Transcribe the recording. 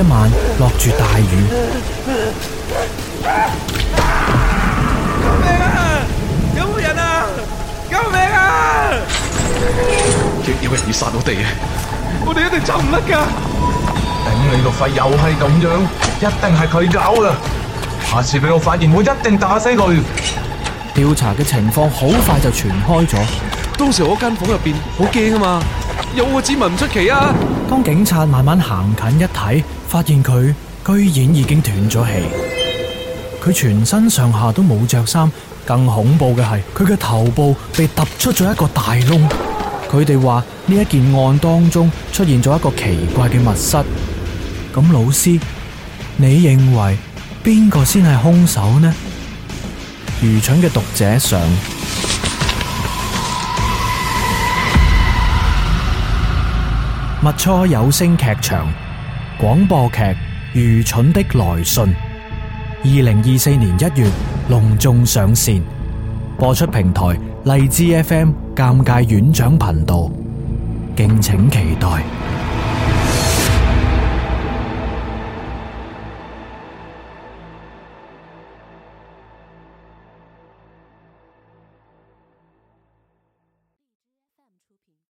一晚落住大雨，救命啊！有冇人啊？救命啊！要有人要殺我哋啊！我哋一定走唔甩噶。頂你個肺又係咁樣，一定係佢搞噶。下次俾我發現，我一定打死佢。調查嘅情況好快就傳開咗，當時我間房入邊好驚啊嘛。有我指紋唔出奇啊！當警察慢慢行近一睇，發現佢居然已經斷咗氣。佢全身上下都冇着衫，更恐怖嘅係佢嘅頭部被突出咗一個大窿。佢哋話呢一件案當中出現咗一個奇怪嘅密室。咁老師，你認為邊個先係兇手呢？愚蠢嘅讀者想。物初有聲劇場廣播劇《愚蠢的來信》，二零二四年一月隆重上線，播出平台荔枝 FM 尷尬院長頻道，敬請期待。